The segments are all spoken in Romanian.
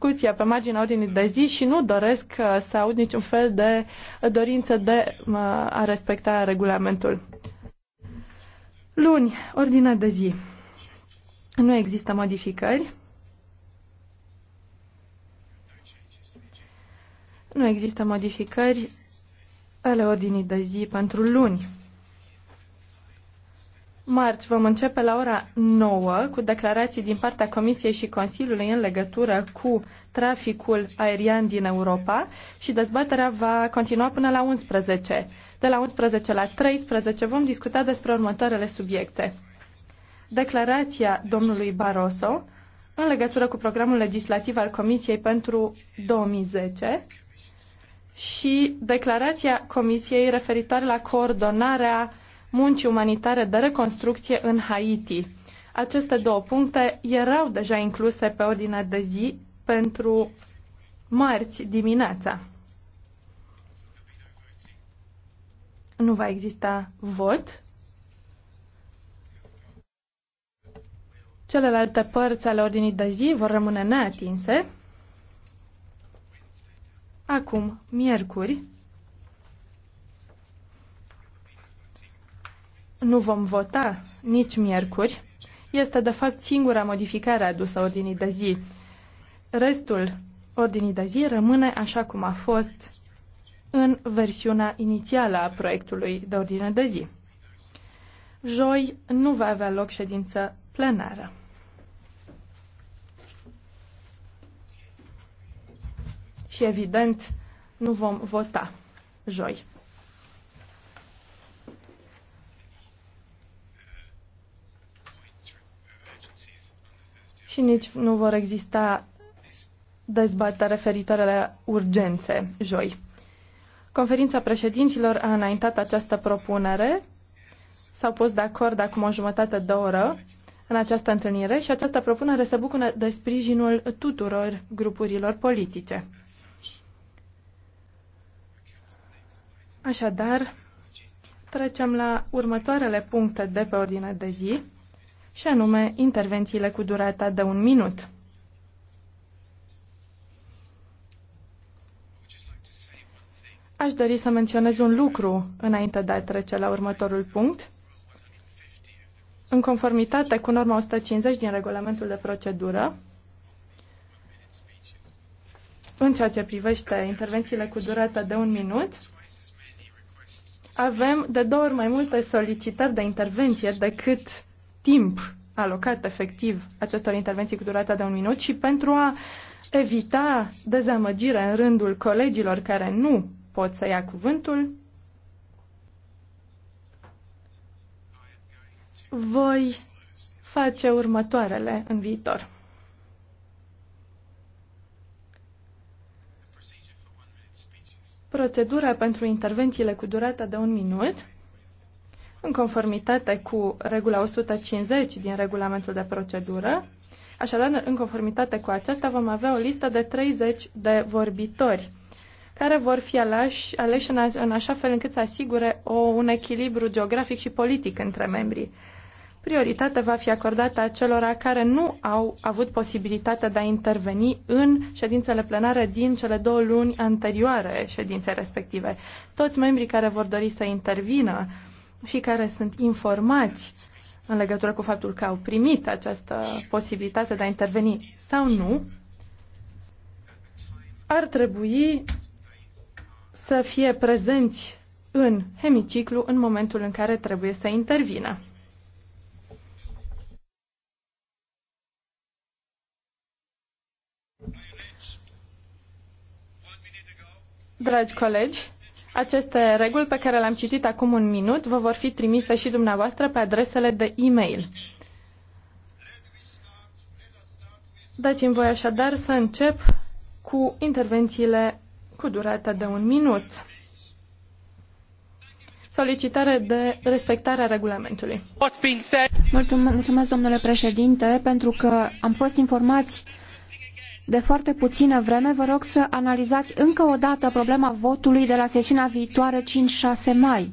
discuția pe marginea ordinii de zi și nu doresc uh, să aud niciun fel de dorință de uh, a respecta regulamentul. Luni, ordinea de zi. Nu există modificări. Nu există modificări ale ordinii de zi pentru luni marți vom începe la ora 9 cu declarații din partea Comisiei și Consiliului în legătură cu traficul aerian din Europa și dezbaterea va continua până la 11. De la 11 la 13 vom discuta despre următoarele subiecte. Declarația domnului Barroso în legătură cu programul legislativ al Comisiei pentru 2010 și declarația Comisiei referitoare la coordonarea muncii umanitare de reconstrucție în Haiti. Aceste două puncte erau deja incluse pe ordinea de zi pentru marți dimineața. Nu va exista vot. Celelalte părți ale ordinii de zi vor rămâne neatinse. Acum, miercuri, nu vom vota nici miercuri este de fapt singura modificare adusă ordinii de zi. Restul ordinii de zi rămâne așa cum a fost în versiunea inițială a proiectului de ordine de zi. Joi nu va avea loc ședință plenară. Și evident, nu vom vota joi. și nici nu vor exista dezbatere referitoare la urgențe joi. Conferința președinților a înaintat această propunere, s-au pus de acord acum o jumătate de oră în această întâlnire și această propunere se bucură de sprijinul tuturor grupurilor politice. Așadar, trecem la următoarele puncte de pe ordine de zi și anume intervențiile cu durata de un minut. Aș dori să menționez un lucru înainte de a trece la următorul punct. În conformitate cu norma 150 din regulamentul de procedură, în ceea ce privește intervențiile cu durata de un minut, avem de două ori mai multe solicitări de intervenție decât timp alocat efectiv acestor intervenții cu durata de un minut și pentru a evita dezamăgire în rândul colegilor care nu pot să ia cuvântul, voi face următoarele în viitor. Procedura pentru intervențiile cu durata de un minut în conformitate cu regula 150 din regulamentul de procedură. Așadar, în conformitate cu aceasta, vom avea o listă de 30 de vorbitori care vor fi aleși, aleși în, a, în așa fel încât să asigure o, un echilibru geografic și politic între membrii. Prioritatea va fi acordată acelora care nu au avut posibilitatea de a interveni în ședințele plenare din cele două luni anterioare ședinței respective. Toți membrii care vor dori să intervină și care sunt informați în legătură cu faptul că au primit această posibilitate de a interveni sau nu, ar trebui să fie prezenți în hemiciclu în momentul în care trebuie să intervină. Dragi colegi, aceste reguli pe care le-am citit acum un minut vă vor fi trimise și dumneavoastră pe adresele de e-mail. Dați-mi voi așadar să încep cu intervențiile cu durata de un minut. Solicitare de respectare a regulamentului. Mulțumesc, domnule președinte, pentru că am fost informați de foarte puțină vreme, vă rog să analizați încă o dată problema votului de la sesiunea viitoare 5-6 mai.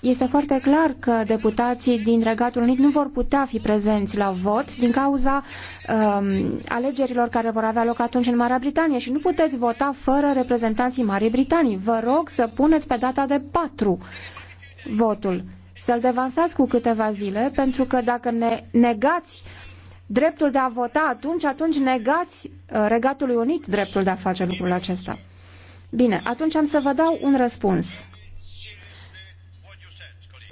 Este foarte clar că deputații din Regatul Unit nu vor putea fi prezenți la vot din cauza um, alegerilor care vor avea loc atunci în Marea Britanie și nu puteți vota fără reprezentanții Marii Britanii. Vă rog să puneți pe data de patru votul. Să-l devansați cu câteva zile, pentru că dacă ne negați dreptul de a vota atunci, atunci negați uh, Regatului Unit dreptul de a face lucrul acesta. Bine, atunci am să vă dau un răspuns.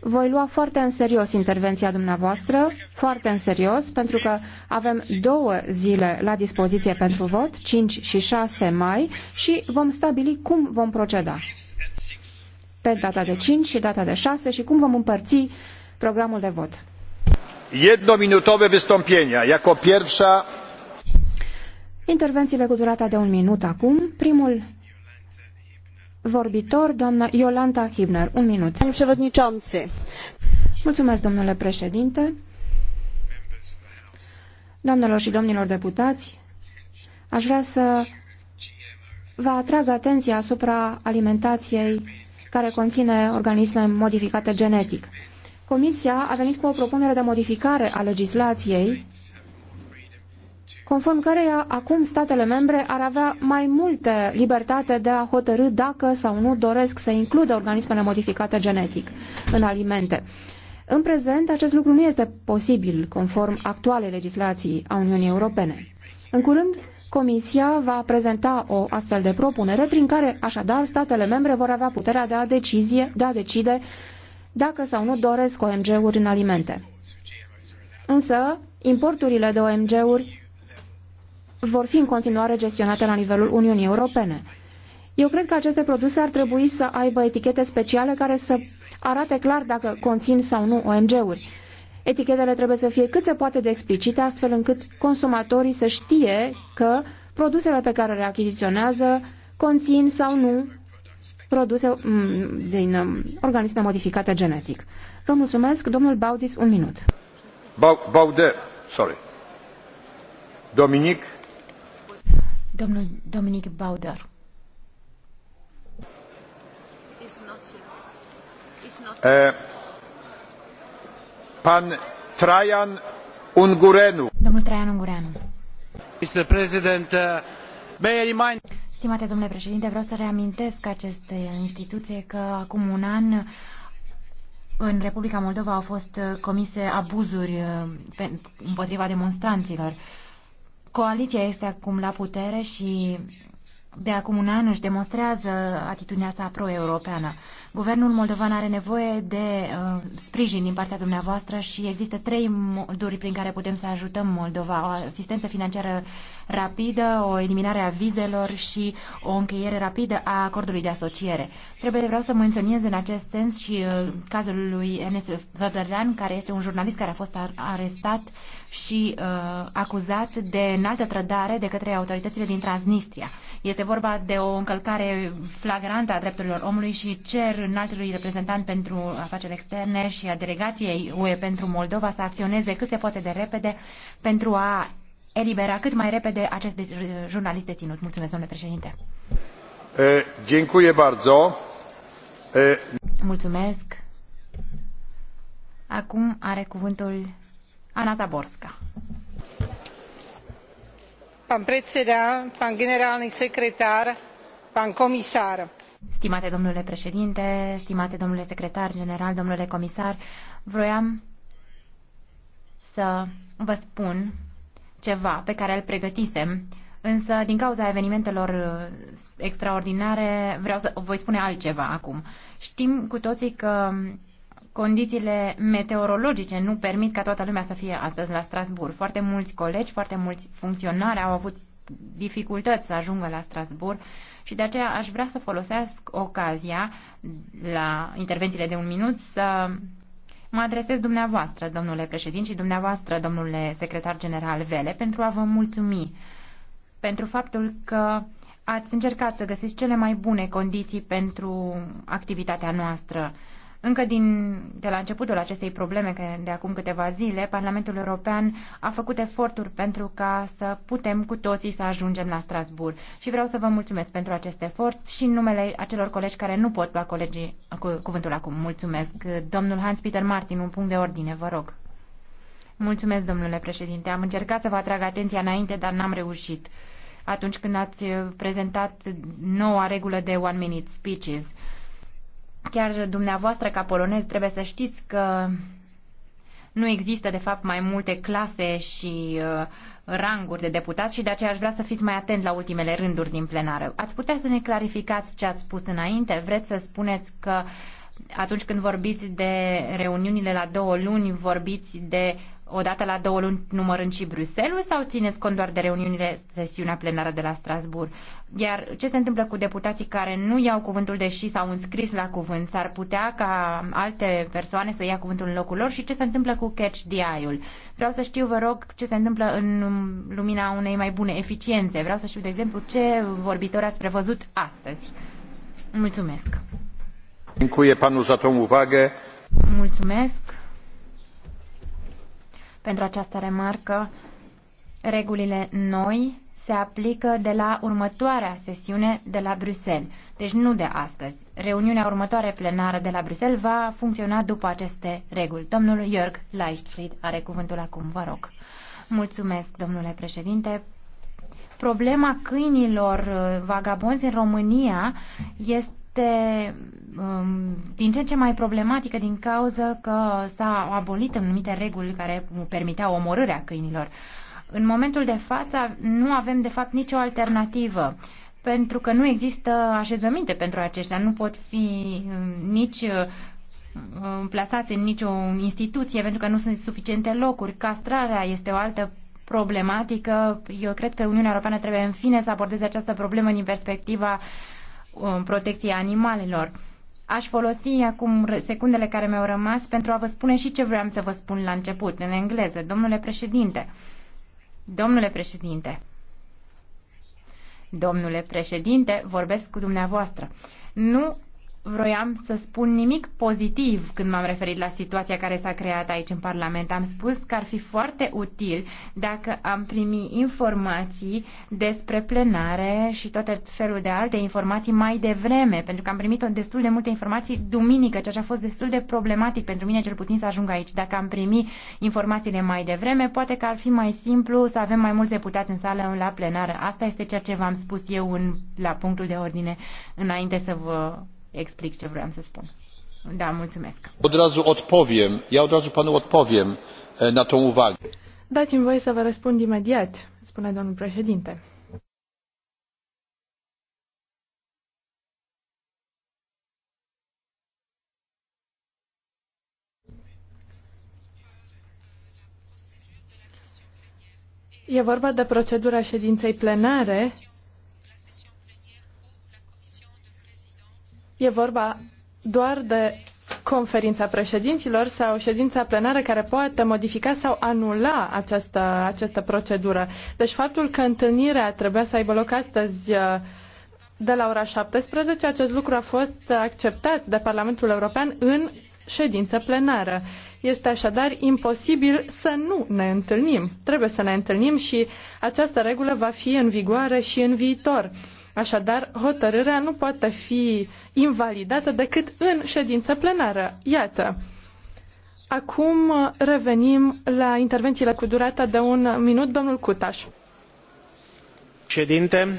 Voi lua foarte în serios intervenția dumneavoastră, foarte în serios, pentru că avem două zile la dispoziție pentru vot, 5 și 6 mai, și vom stabili cum vom proceda. Pe data de 5 și data de 6 și cum vom împărți programul de vot jednominutowe wystąpienia. Jako pierwsza... Intervențiile cu durata de un minut acum. Primul vorbitor, doamna Iolanta Hibner. Un minut. Mulțumesc, domnule președinte. Doamnelor și domnilor deputați, aș vrea să vă atrag atenția asupra alimentației care conține organisme modificate genetic. Comisia a venit cu o propunere de modificare a legislației, conform căreia acum statele membre ar avea mai multe libertate de a hotărâ dacă sau nu doresc să includă organismele modificate genetic în alimente. În prezent, acest lucru nu este posibil conform actualei legislații a Uniunii Europene. În curând, Comisia va prezenta o astfel de propunere prin care, așadar, statele membre vor avea puterea de a, decizie, de a decide dacă sau nu doresc OMG-uri în alimente. Însă, importurile de OMG-uri vor fi în continuare gestionate la nivelul Uniunii Europene. Eu cred că aceste produse ar trebui să aibă etichete speciale care să arate clar dacă conțin sau nu OMG-uri. Etichetele trebuie să fie cât se poate de explicite, astfel încât consumatorii să știe că produsele pe care le achiziționează conțin sau nu produse mm, din mm, organisme modificate genetic. Vă mulțumesc, domnul Baudis, un minut. Baude, sorry. Dominic. Domnul Dominic Bauder. pan Traian Ungureanu. Domnul Traian Ungureanu. Mr. President, uh, may I remind... Stimate domnule președinte, vreau să reamintesc aceste instituție că acum un an în Republica Moldova au fost comise abuzuri uh, împotriva demonstranților. Coaliția este acum la putere și de acum un an își demonstrează atitudinea sa pro-europeană. Guvernul moldovan are nevoie de uh, sprijin din partea dumneavoastră și există trei moduri prin care putem să ajutăm Moldova. O asistență financiară rapidă, o eliminare a vizelor și o încheiere rapidă a acordului de asociere. Trebuie vreau să menționez în acest sens și uh, cazul lui Enes Văgărjan, care este un jurnalist care a fost ar arestat și uh, acuzat de înaltă trădare de către autoritățile din Transnistria. Este este vorba de o încălcare flagrantă a drepturilor omului și cer înaltului reprezentant pentru afaceri externe și a delegației UE pentru Moldova să acționeze cât se poate de repede pentru a elibera cât mai repede acest jurnalist deținut. Mulțumesc, domnule președinte. Mulțumesc. Acum are cuvântul Ana Zaborska pán predseda pán generálny sekretár pán komisár Stimate domnule președinte, stimate domnule secretar general, domnule comisar, vroiam să vă spun ceva pe care îl pregătisem, însă din cauza evenimentelor uh, extraordinare vreau să voi spune altceva acum. Știm cu toții că condițiile meteorologice nu permit ca toată lumea să fie astăzi la Strasbourg. Foarte mulți colegi, foarte mulți funcționari au avut dificultăți să ajungă la Strasbourg și de aceea aș vrea să folosesc ocazia la intervențiile de un minut să mă adresez dumneavoastră, domnule președinte, și dumneavoastră, domnule secretar general Vele, pentru a vă mulțumi pentru faptul că ați încercat să găsiți cele mai bune condiții pentru activitatea noastră încă din, de la începutul acestei probleme, că de acum câteva zile, Parlamentul European a făcut eforturi pentru ca să putem cu toții să ajungem la Strasbourg. Și vreau să vă mulțumesc pentru acest efort și în numele acelor colegi care nu pot lua colegii cu, cuvântul acum. Mulțumesc. Domnul Hans-Peter Martin, un punct de ordine, vă rog. Mulțumesc, domnule președinte. Am încercat să vă atrag atenția înainte, dar n-am reușit atunci când ați prezentat noua regulă de one-minute speeches. Chiar dumneavoastră, ca polonez, trebuie să știți că nu există, de fapt, mai multe clase și uh, ranguri de deputați și de aceea aș vrea să fiți mai atent la ultimele rânduri din plenară. Ați putea să ne clarificați ce ați spus înainte? Vreți să spuneți că uh, atunci când vorbiți de reuniunile la două luni, vorbiți de o dată la două luni numărând și Bruxelles sau țineți cont doar de reuniunile sesiunea plenară de la Strasbourg? Iar ce se întâmplă cu deputații care nu iau cuvântul deși s-au înscris la cuvânt? S-ar putea ca alte persoane să ia cuvântul în locul lor și ce se întâmplă cu catch DI-ul? Vreau să știu, vă rog, ce se întâmplă în lumina unei mai bune eficiențe. Vreau să știu, de exemplu, ce vorbitori ați prevăzut astăzi. Mulțumesc! Mulțumesc pentru această remarcă. Regulile noi se aplică de la următoarea sesiune de la Bruxelles, deci nu de astăzi. Reuniunea următoare plenară de la Bruxelles va funcționa după aceste reguli. Domnul Jörg Leichtfried are cuvântul acum, vă rog. Mulțumesc, domnule președinte. Problema câinilor uh, vagabonzi în România este Um, din ce în ce mai problematică din cauza că s a abolit anumite reguli care permiteau omorârea câinilor. În momentul de față nu avem de fapt nicio alternativă pentru că nu există așezăminte pentru aceștia, nu pot fi um, nici uh, um, plasați în nicio instituție pentru că nu sunt suficiente locuri. Castrarea este o altă problematică. Eu cred că Uniunea Europeană trebuie în fine să abordeze această problemă din perspectiva protecției animalelor. Aș folosi acum secundele care mi-au rămas pentru a vă spune și ce vreau să vă spun la început, în engleză. Domnule președinte, domnule președinte, domnule președinte, vorbesc cu dumneavoastră. Nu vroiam să spun nimic pozitiv când m-am referit la situația care s-a creat aici în Parlament. Am spus că ar fi foarte util dacă am primi informații despre plenare și tot felul de alte informații mai devreme, pentru că am primit destul de multe informații duminică, ceea ce a fost destul de problematic pentru mine cel puțin să ajung aici. Dacă am primi informațiile mai devreme, poate că ar fi mai simplu să avem mai mulți deputați în sală la plenară. Asta este ceea ce v-am spus eu în, la punctul de ordine înainte să vă explic ce vreau să spun. Da, mulțumesc. Od razu odpowiem. Ja od razu panu odpowiem na tą uwagę. Dați-mi voie să vă răspund imediat, spune domnul președinte. E vorba de procedura ședinței plenare E vorba doar de conferința președinților sau ședința plenară care poate modifica sau anula această, această procedură. Deci faptul că întâlnirea trebuia să aibă loc astăzi uh, de la ora 17, acest lucru a fost acceptat de Parlamentul European în ședință plenară. Este așadar imposibil să nu ne întâlnim. Trebuie să ne întâlnim și această regulă va fi în vigoare și în viitor. Așadar, hotărârea nu poate fi invalidată decât în ședință plenară. Iată. Acum revenim la intervențiile cu durata de un minut. Domnul Cutaș. Ședinte,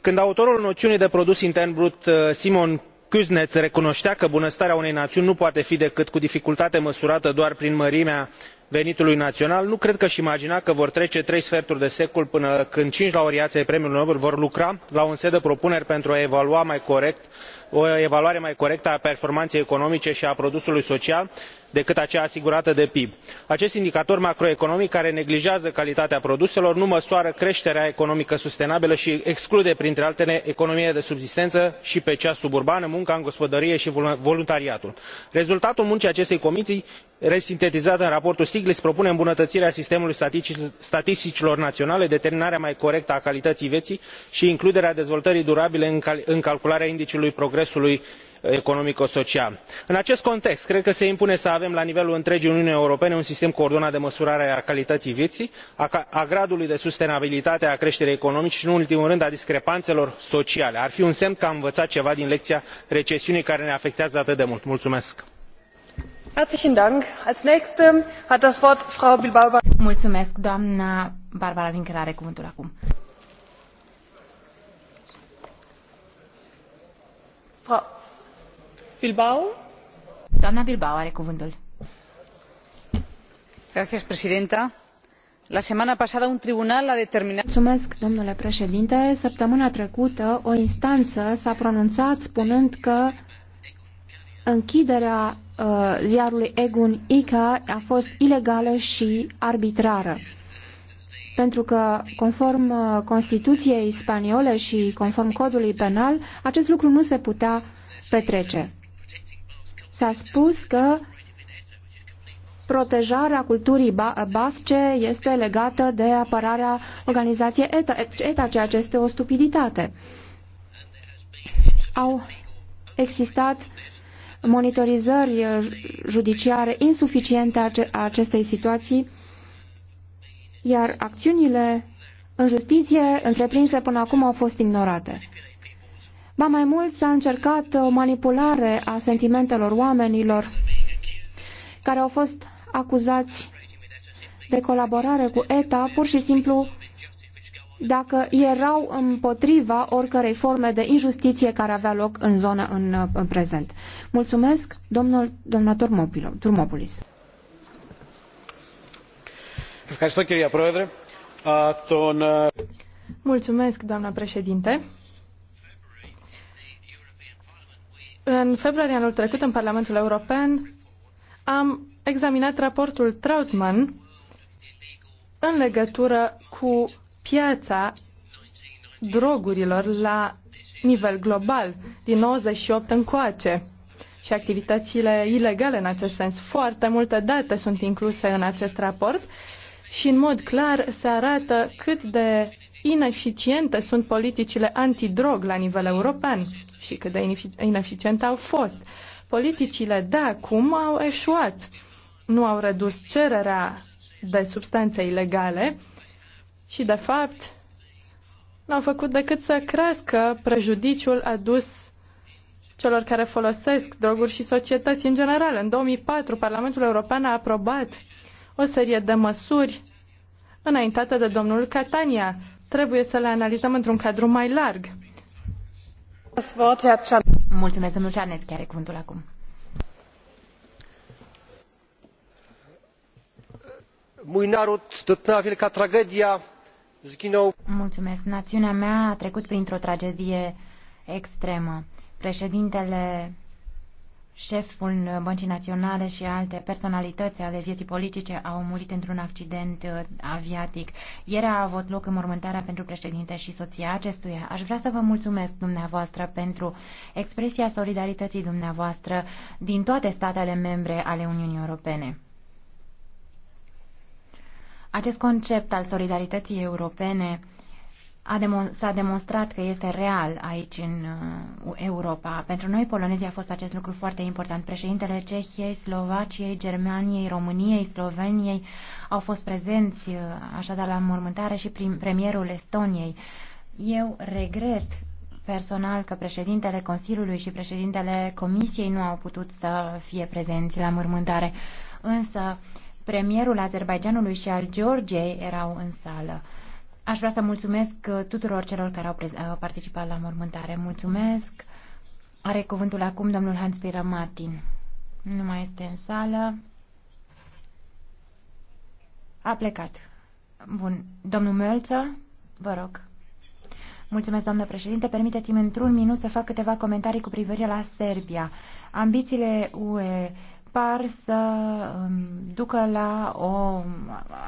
când autorul noțiunii de produs intern brut, uh, Simon kuznets recunoștea că bunăstarea unei națiuni nu poate fi decât cu dificultate măsurată doar prin mărimea venitului naional nu cred că îi imagina că vor trece trei sferturi de secol până când cinci laureai ai premiului nobel vor lucra la un set de propuneri pentru a evalua mai corect i o evaluare mai corectă a performanei economice i a produsului social decât aceea asigurată de pib. acest indicator macroeconomic care neglijează calitatea produselor nu măsoară creterea economică sustenabilă i exclude printre altele economia de subzistenă i pe cea suburbană munca în gospodărie i voluntariatul. rezultatul muncii acestei comisii resintetizat în raportul stiglitz propune îmbunătăirea sistemului statisticilor naionale determinarea mai corectă a calităii vieii i includerea dezvoltării durabile în calcularea indicelui progresului economico social. în acest context cred că se impune să avem la nivelul întregii uniuni europene un sistem coordonat de măsurare a calităii vieii a gradului de sustenabilitate a creterii economice i nu în ultimul rând a discrepanelor sociale. ar fi un semn că am învăat ceva din lecia recesiunii care ne afectează atât de mult. mulumesc. Bilbao. Doamna presidenta. La semana pasada un tribunal a determinat... domnule președinte. Săptămâna trecută o instanță s-a pronunțat spunând că închiderea uh, ziarului Egun Ica a fost ilegală și arbitrară. Pentru că, conform uh, Constituției spaniole și conform codului penal, acest lucru nu se putea petrece. S-a spus că protejarea culturii basce este legată de apărarea organizației ETA, ETA, ceea ce este o stupiditate. Au existat monitorizări judiciare insuficiente a acestei situații, iar acțiunile în justiție întreprinse până acum au fost ignorate. Ba mai mult s-a încercat o uh, manipulare a sentimentelor oamenilor care au fost acuzați de colaborare cu ETA pur și simplu dacă erau împotriva oricărei forme de injustiție care avea loc în zonă în, uh, în prezent. Mulțumesc, domnul, doamna Turmopolis. Mulțumesc, doamna președinte. În februarie anul trecut, în Parlamentul European, am examinat raportul Trautmann în legătură cu piața drogurilor la nivel global din 98 încoace și activitățile ilegale în acest sens. Foarte multe date sunt incluse în acest raport și în mod clar se arată cât de ineficiente sunt politicile antidrog la nivel european și cât de ineficiente au fost. Politicile de acum au eșuat, nu au redus cererea de substanțe ilegale și, de fapt, n-au făcut decât să crească prejudiciul adus celor care folosesc droguri și societăți în general. În 2004, Parlamentul European a aprobat o serie de măsuri înaintate de domnul Catania trebuie să le analizăm într-un cadru mai larg. Mulțumesc, domnul Cernet, chiar cuvântul acum. Mój naród dotknęła wielka tragedia. Zginął. Mulțumesc. Națiunea mea a trecut printr-o tragedie extremă. Președintele șeful Băncii Naționale și alte personalități ale vieții politice au murit într-un accident uh, aviatic. Ieri a avut loc înmormântarea pentru președinte și soția acestuia. Aș vrea să vă mulțumesc dumneavoastră pentru expresia solidarității dumneavoastră din toate statele membre ale Uniunii Europene. Acest concept al solidarității europene a demon- s-a demonstrat că este real aici în uh, Europa. Pentru noi, polonezii, a fost acest lucru foarte important. Președintele Cehiei, Slovaciei, Germaniei, României, Sloveniei au fost prezenți uh, așadar la mormântare și prim- premierul Estoniei. Eu regret personal că președintele Consiliului și președintele Comisiei nu au putut să fie prezenți la mormântare, însă premierul Azerbaijanului și al Georgiei erau în sală. Uh, Aș vrea să mulțumesc uh, tuturor celor care au participat la mormântare. Mulțumesc. Are cuvântul acum domnul Hans Peter Martin. Nu mai este în sală. A plecat. Bun. Domnul Mölță, vă rog. Mulțumesc, doamnă președinte. Permiteți-mi într-un minut să fac câteva comentarii cu privire la Serbia. Ambițiile UE par să um, ducă la o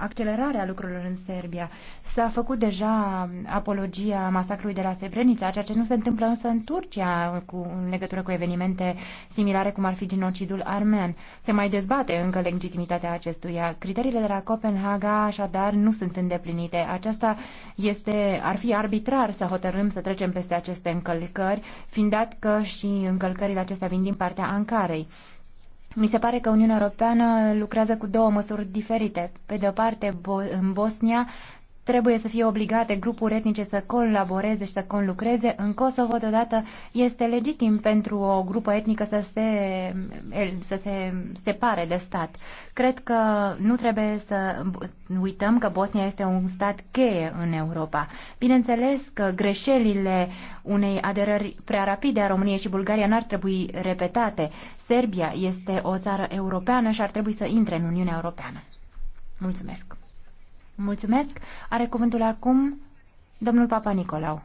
accelerare a lucrurilor în Serbia. S-a făcut deja apologia masacrului de la Srebrenica, ceea ce nu se întâmplă însă în Turcia cu, în legătură cu evenimente similare cum ar fi genocidul armean. Se mai dezbate încă legitimitatea acestuia. Criteriile de la Copenhaga așadar nu sunt îndeplinite. Aceasta este, ar fi arbitrar să hotărâm să trecem peste aceste încălcări, fiind dat că și încălcările acestea vin din partea Ankarei. Mi se pare că Uniunea Europeană lucrează cu două măsuri diferite. Pe de o parte, în Bosnia trebuie să fie obligate grupuri etnice să colaboreze și să conlucreze. În Kosovo, deodată, este legitim pentru o grupă etnică să se, să se separe de stat. Cred că nu trebuie să uităm că Bosnia este un stat cheie în Europa. Bineînțeles că greșelile unei aderări prea rapide a României și Bulgaria n-ar trebui repetate. Serbia este o țară europeană și ar trebui să intre în Uniunea Europeană. Mulțumesc! Mulțumesc. Are cuvântul acum domnul Papa Nicolau.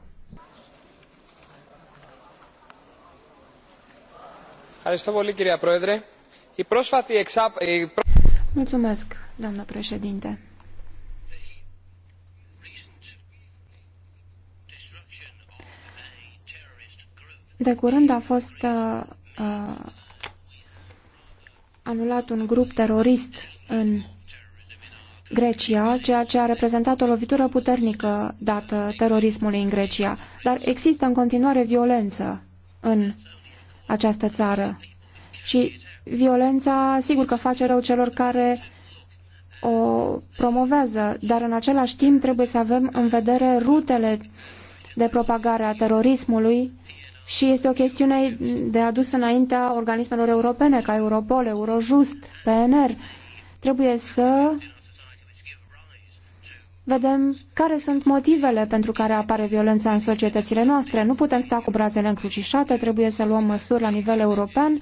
Mulțumesc, doamnă președinte. De curând a fost uh, uh, anulat un grup terorist în Grecia, ceea ce a reprezentat o lovitură puternică dată terorismului în Grecia. Dar există în continuare violență în această țară. Și violența, sigur că face rău celor care o promovează, dar în același timp trebuie să avem în vedere rutele de propagare a terorismului și este o chestiune de adus înaintea organismelor europene ca Europol, Eurojust, PNR. Trebuie să vedem care sunt motivele pentru care apare violența în societățile noastre. Nu putem sta cu brațele încrucișate, trebuie să luăm măsuri la nivel european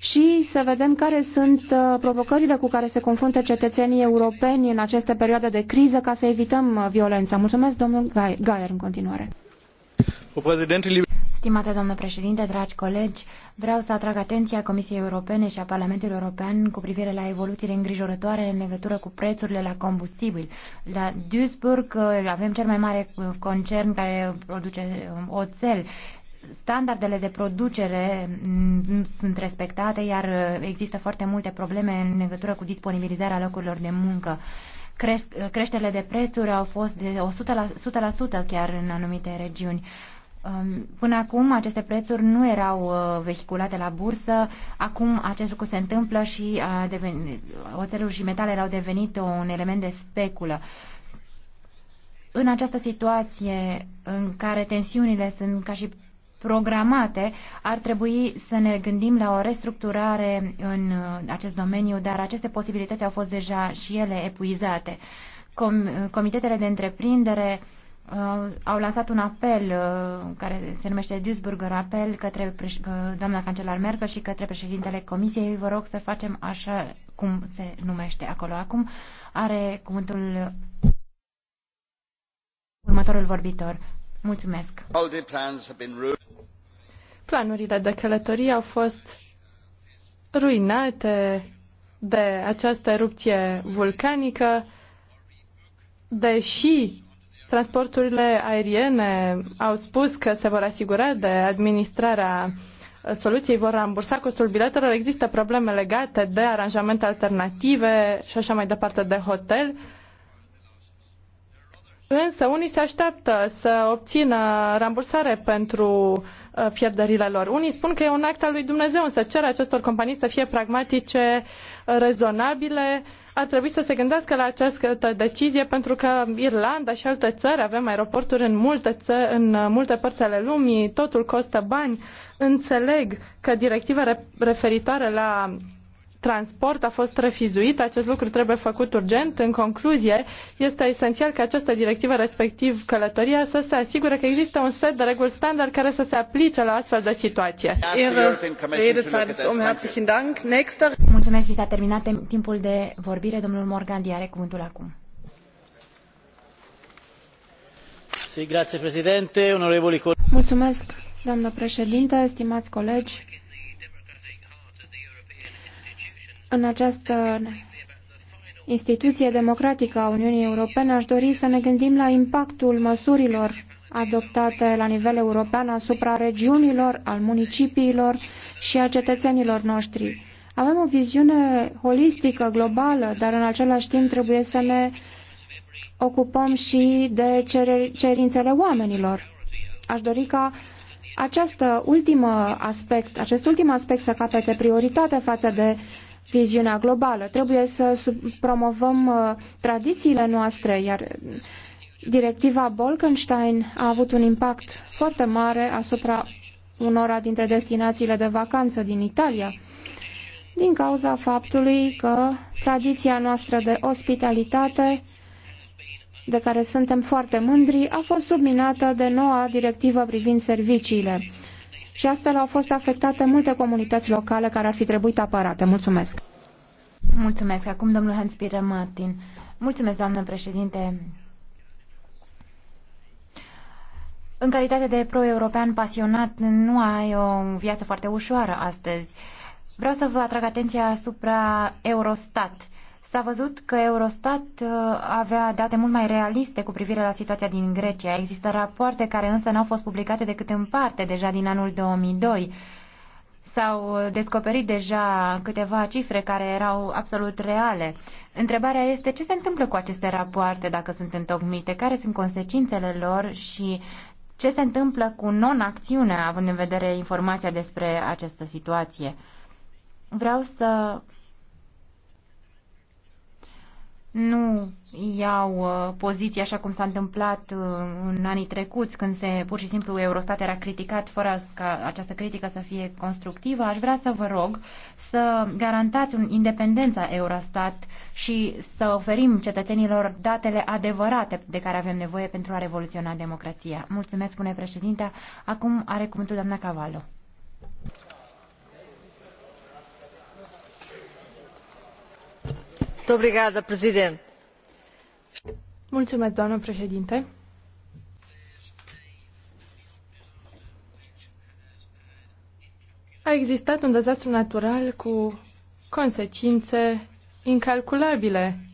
și să vedem care sunt uh, provocările cu care se confruntă cetățenii europeni în aceste perioade de criză ca să evităm uh, violența. Mulțumesc, domnul Gaier, în continuare. Stimate doamnă președinte, dragi colegi, vreau să atrag atenția Comisiei Europene și a Parlamentului European cu privire la evoluțiile îngrijorătoare în legătură cu prețurile la combustibil. La Duisburg uh, avem cel mai mare uh, concern care produce uh, oțel standardele de producere nu mm, sunt respectate, iar există foarte multe probleme în legătură cu disponibilizarea locurilor de muncă. Creșterile de prețuri au fost de 100%, la, 100% chiar în anumite regiuni. Um, până acum aceste prețuri nu erau uh, vehiculate la bursă, acum acest lucru se întâmplă și a uh, devenit, oțelul și metalele au devenit un element de speculă. În această situație în care tensiunile sunt ca și programate, ar trebui să ne gândim la o restructurare în uh, acest domeniu, dar aceste posibilități au fost deja și ele epuizate. Com- comitetele de întreprindere uh, uh, au lansat un apel uh, care se numește Duisburger Apel către preș- doamna cancelar Merkel și către președintele Comisiei. Vă rog să facem așa cum se numește acolo acum. Are cuvântul următorul vorbitor. Mulțumesc. Planurile de călătorie au fost ruinate de această erupție vulcanică, deși Transporturile aeriene au spus că se vor asigura de administrarea soluției, vor rambursa costul biletelor. Există probleme legate de aranjamente alternative și așa mai departe de hotel. Însă unii se așteaptă să obțină rambursare pentru uh, pierderile lor. Unii spun că e un act al lui Dumnezeu, însă cer acestor companii să fie pragmatice, uh, rezonabile ar trebui să se gândească la această decizie pentru că Irlanda și alte țări avem aeroporturi în multe, ță- în multe părți ale lumii, totul costă bani. Înțeleg că directiva referitoare la transport a fost refizuit, acest lucru trebuie făcut urgent. În concluzie, este esențial ca această directivă, respectiv călătoria, să se asigure că există un set de reguli standard care să se aplice la astfel de situație. Mulțumesc, vi s-a terminat timpul de vorbire. Domnul Morgan are cuvântul acum. Mulțumesc, doamnă președinte, stimați colegi. În această instituție democratică a Uniunii Europene aș dori să ne gândim la impactul măsurilor adoptate la nivel european asupra regiunilor, al municipiilor și a cetățenilor noștri. Avem o viziune holistică, globală, dar în același timp trebuie să ne ocupăm și de cerințele oamenilor. Aș dori ca această ultimă aspect, acest ultim aspect să capete prioritate față de viziunea globală. Trebuie să promovăm uh, tradițiile noastre, iar directiva Bolkenstein a avut un impact foarte mare asupra unora dintre destinațiile de vacanță din Italia din cauza faptului că tradiția noastră de ospitalitate, de care suntem foarte mândri, a fost subminată de noua directivă privind serviciile. Și astfel au fost afectate multe comunități locale care ar fi trebuit apărate. Mulțumesc! Mulțumesc. Acum domnul hans Martin. Mulțumesc, doamnă președinte. În calitate de pro-european pasionat, nu ai o viață foarte ușoară astăzi. Vreau să vă atrag atenția asupra Eurostat. S-a văzut că Eurostat uh, avea date mult mai realiste cu privire la situația din Grecia. Există rapoarte care însă n-au fost publicate decât în parte deja din anul 2002. S-au uh, descoperit deja câteva cifre care erau absolut reale. Întrebarea este ce se întâmplă cu aceste rapoarte dacă sunt întocmite, care sunt consecințele lor și ce se întâmplă cu non-acțiunea, având în vedere informația despre această situație. Vreau să nu iau uh, poziție așa cum s-a întâmplat uh, în anii trecuți, când se pur și simplu Eurostat era criticat fără ca această critică să fie constructivă. Aș vrea să vă rog să garantați un independența Eurostat și să oferim cetățenilor datele adevărate de care avem nevoie pentru a revoluționa democrația. Mulțumesc, spune președinte. Acum are cuvântul doamna Cavallo. Mulțumesc, președinte. A existat un dezastru natural cu consecințe incalculabile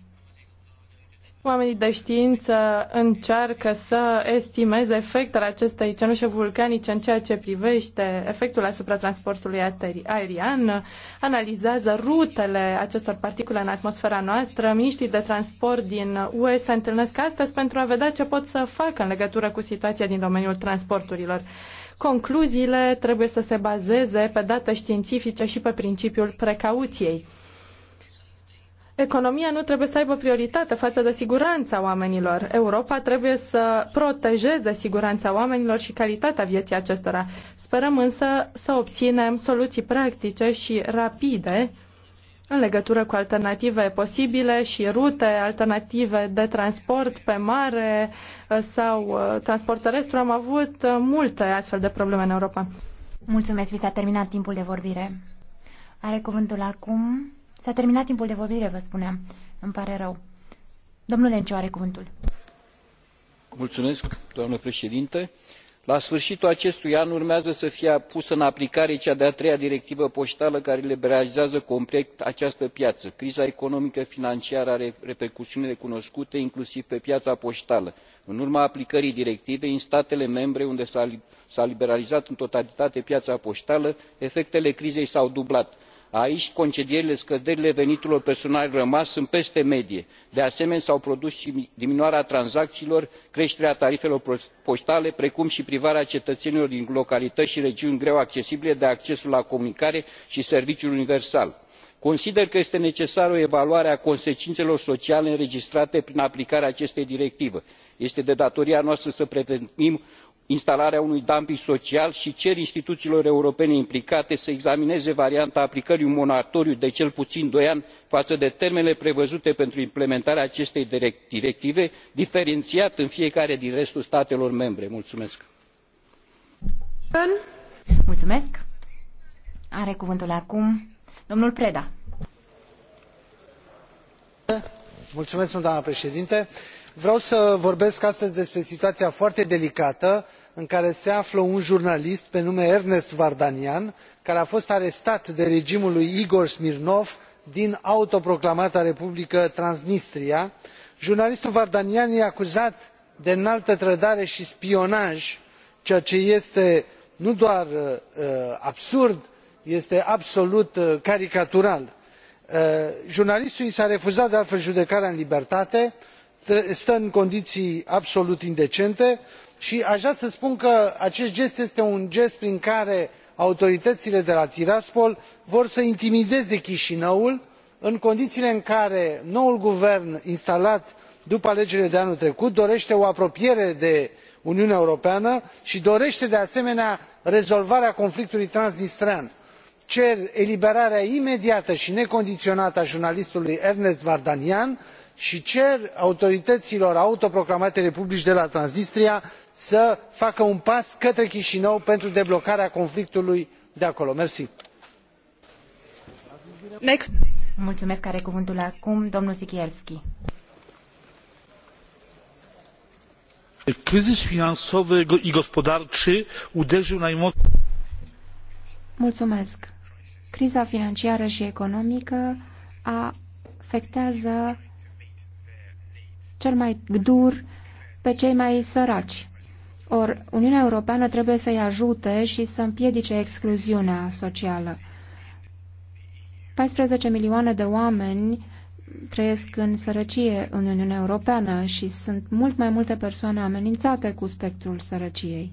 Oamenii de știință încearcă să estimeze efectele acestei cenușe vulcanice în ceea ce privește efectul asupra transportului aerian, analizează rutele acestor particule în atmosfera noastră. Miniștrii de transport din UE se întâlnesc astăzi pentru a vedea ce pot să facă în legătură cu situația din domeniul transporturilor. Concluziile trebuie să se bazeze pe date științifice și pe principiul precauției Economia nu trebuie să aibă prioritate față de siguranța oamenilor. Europa trebuie să protejeze siguranța oamenilor și calitatea vieții acestora. Sperăm însă să obținem soluții practice și rapide în legătură cu alternative posibile și rute alternative de transport pe mare uh, sau uh, transport terestru. Am avut uh, multe astfel de probleme în Europa. Mulțumesc, vi s-a terminat timpul de vorbire. Are cuvântul acum S-a terminat timpul de vorbire, vă spuneam. Îmi pare rău. Domnule Enciu are cuvântul. Mulțumesc, doamnă președinte. La sfârșitul acestui an urmează să fie pusă în aplicare cea de-a treia directivă poștală care liberalizează complet această piață. Criza economică financiară are repercusiuni recunoscute inclusiv pe piața poștală. În urma aplicării directivei în statele membre unde s-a liberalizat în totalitate piața poștală, efectele crizei s-au dublat aici concedierile scăderile veniturilor personale rămas sunt peste medie de asemenea s au produs i diminuarea tranzaciilor creterea tarifelor postale precum i privarea cetăenilor din localităi i regiuni greu accesibile de accesul la comunicare i serviciul universal. consider că este necesară o evaluare a consecinelor sociale înregistrate prin aplicarea acestei directive. este de datoria noastră să prevenim instalarea unui dumping social i cer instituiilor europene implicate să examineze varianta aplicării unui moratoriu de cel puin doi ani faă de termenele prevăzute pentru implementarea acestei directive difereniat în fiecare din restul statelor membre. Mulțumesc. Mulțumesc. Are cuvântul acum domnul Preda. Mulțumesc, președinte vreau să vorbesc astăzi despre situaia foarte delicată în care se află un jurnalist pe nume ernest vardanian care a fost arestat de regimul lui igor smirnov din autoproclamata republică transnistria. jurnalistul vardanian este acuzat de înaltă trădare i spionaj ceea ce este nu doar uh, uh, absurd este absolut uh, caricatural. jurnalistului i s a refuzat de altfel judecarea în libertate i stă în condiii absolut indecente i a vrea să spun că acest gest este un gest prin care autorităile de la tiraspol vor să intimideze chiinăul în condiiile în care noul guvern instalat după alegerile de anul trecut dorete o apropiere de uniunea europeană i dorete de asemenea rezolvarea conflictului transnistrean. cer eliberarea imediată i necondiionată a jurnalistului ernest vardanian i cer autorităilor autoproclamatei republici de la transnistria să facă un pas către chiinău pentru deblocarea conflictului de acolo. kryzys finansowy i gospodarczy uderzył najmocniej criza financiară și economică afectează cel mai dur pe cei mai săraci. Or, Uniunea Europeană trebuie să-i ajute și să împiedice excluziunea socială. 14 milioane de oameni trăiesc în sărăcie în Uniunea Europeană și sunt mult mai multe persoane amenințate cu spectrul sărăciei.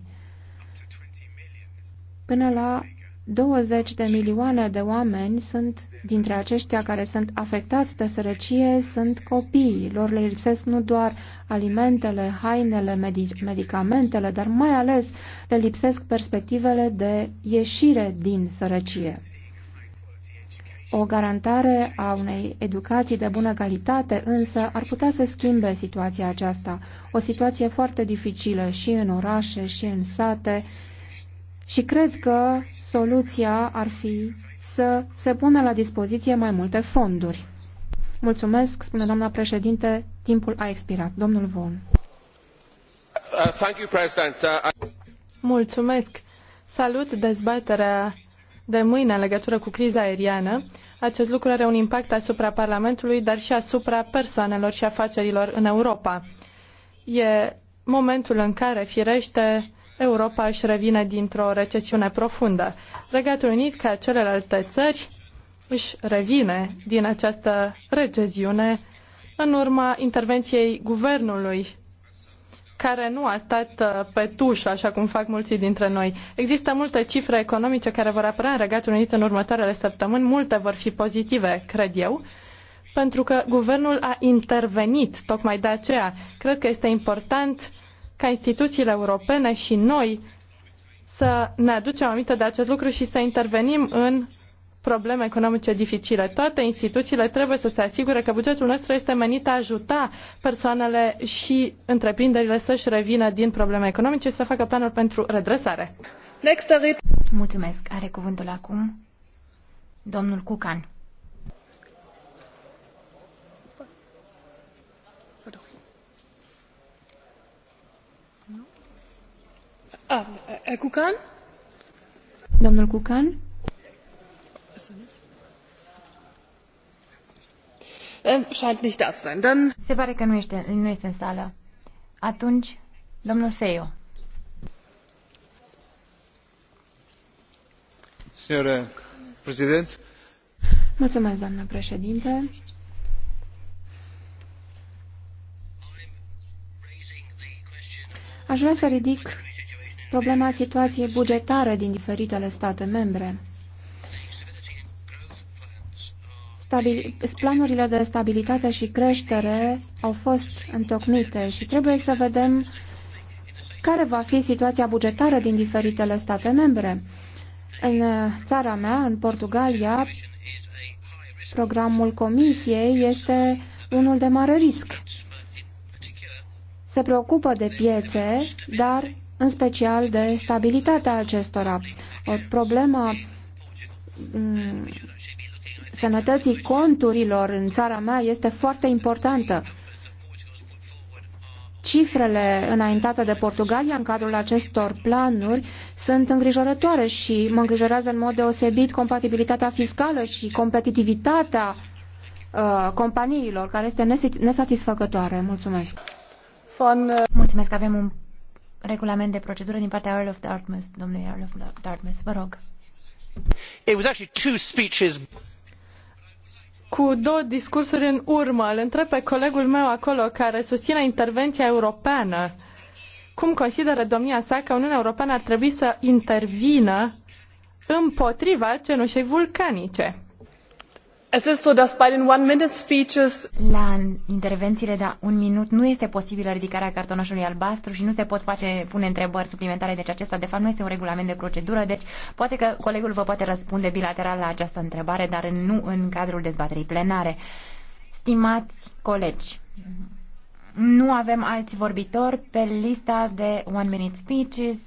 Până la 20 de milioane de oameni sunt, dintre aceștia care sunt afectați de sărăcie, sunt copii. Lor le lipsesc nu doar alimentele, hainele, medic medicamentele, dar mai ales le lipsesc perspectivele de ieșire din sărăcie. O garantare a unei educații de bună calitate însă ar putea să schimbe situația aceasta, o situație foarte dificilă și în orașe și în sate, și cred că soluția ar fi să se pună la dispoziție mai multe fonduri. Mulțumesc, spune doamna președinte, timpul a expirat. Domnul Von. Uh, uh, Mulțumesc. Salut dezbaterea de mâine în legătură cu criza aeriană. Acest lucru are un impact asupra Parlamentului, dar și asupra persoanelor și afacerilor în Europa. E momentul în care, firește, Europa își revine dintr-o recesiune profundă. Regatul Unit, ca celelalte țări, își revine din această recesiune în urma intervenției guvernului care nu a stat uh, pe tușă, așa cum fac mulți dintre noi. Există multe cifre economice care vor apărea în Regatul Unit în următoarele săptămâni, multe vor fi pozitive, cred eu, pentru că guvernul a intervenit tocmai de aceea. Cred că este important ca instituțiile europene și noi să ne aducem aminte de acest lucru și să intervenim în probleme economice dificile. Toate instituțiile trebuie să se asigure că bugetul nostru este menit a ajuta persoanele și întreprinderile să-și revină din probleme economice și să facă planuri pentru redresare. Mulțumesc. Are cuvântul acum domnul Cucan. Ah, eh, Cucan? Domnul Cucan? Eh, scheint nicht da sein. Se pare că nu este, nu este în sală. Atunci, domnul Feio. Signore Presidente. Mulțumesc, doamnă președinte. Aș vrea să ridic problema situației bugetare din diferitele state membre. Stabil planurile de stabilitate și creștere au fost întocmite și trebuie să vedem care va fi situația bugetară din diferitele state membre. În țara mea, în Portugalia, programul Comisiei este unul de mare risc. Se preocupă de piețe, dar în special de stabilitatea acestora. O problemă mm, sănătății conturilor în țara mea este foarte importantă. Cifrele înaintate de Portugalia în cadrul acestor planuri sunt îngrijorătoare și mă îngrijorează în mod deosebit compatibilitatea fiscală și competitivitatea uh, companiilor, care este nesatisfăcătoare. Mulțumesc! Mulțumesc uh, Mulțumesc, avem un regulament de procedură din partea Earl of Dartmouth, domnului Earl of Dartmouth. Vă rog. It was actually two speeches cu două discursuri în urmă. Îl întreb pe colegul meu acolo care susține intervenția europeană. Cum consideră domnia sa că Uniunea Europeană ar trebui să intervină împotriva cenușei vulcanice? Es ist so, dass bei den One-Minute-Speeches la intervențiile de un minut nu este posibilă ridicarea cartonașului albastru și nu se pot face pune întrebări suplimentare. Deci acesta, de fapt, nu este un regulament de procedură. Deci poate că colegul vă poate răspunde bilateral la această întrebare, dar nu în cadrul dezbaterii plenare. Stimați colegi, nu avem alți vorbitori pe lista de One-Minute Speeches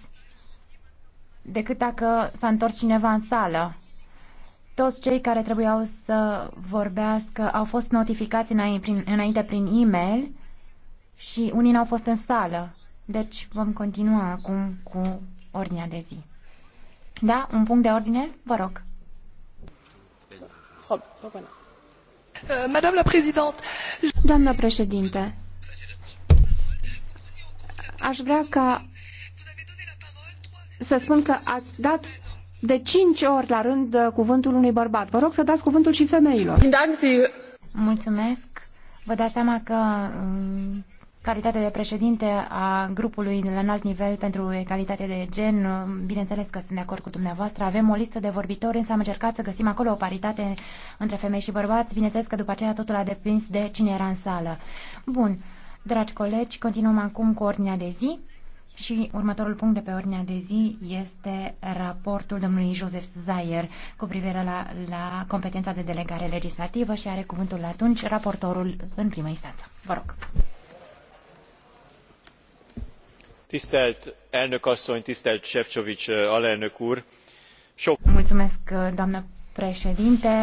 decât dacă s-a întors cineva în sală. Toți cei care trebuiau să vorbească au fost notificați înainte prin e-mail și unii n-au fost în sală. Deci vom continua acum cu ordinea de zi. Da? Un punct de ordine? Vă rog. Doamna președinte, aș vrea ca să spun că ați dat de cinci ori la rând uh, cuvântul unui bărbat. Vă rog să dați cuvântul și femeilor. Mulțumesc. Vă dați seama că um, calitatea de președinte a grupului la înalt nivel pentru egalitate de gen, um, bineînțeles că sunt de acord cu dumneavoastră, avem o listă de vorbitori, însă am încercat să găsim acolo o paritate între femei și bărbați, bineînțeles că după aceea totul a depins de cine era în sală. Bun, dragi colegi, continuăm acum cu ordinea de zi. Și următorul punct de pe ordinea de zi este raportul domnului Joseph Zayer cu privire la, la competența de delegare legislativă și are cuvântul atunci raportorul în prima instanță. Vă rog. Tisztelt elnök asszony, tisztelt Sefcovic alelnök úr! Mulțumesc, doamnă președinte.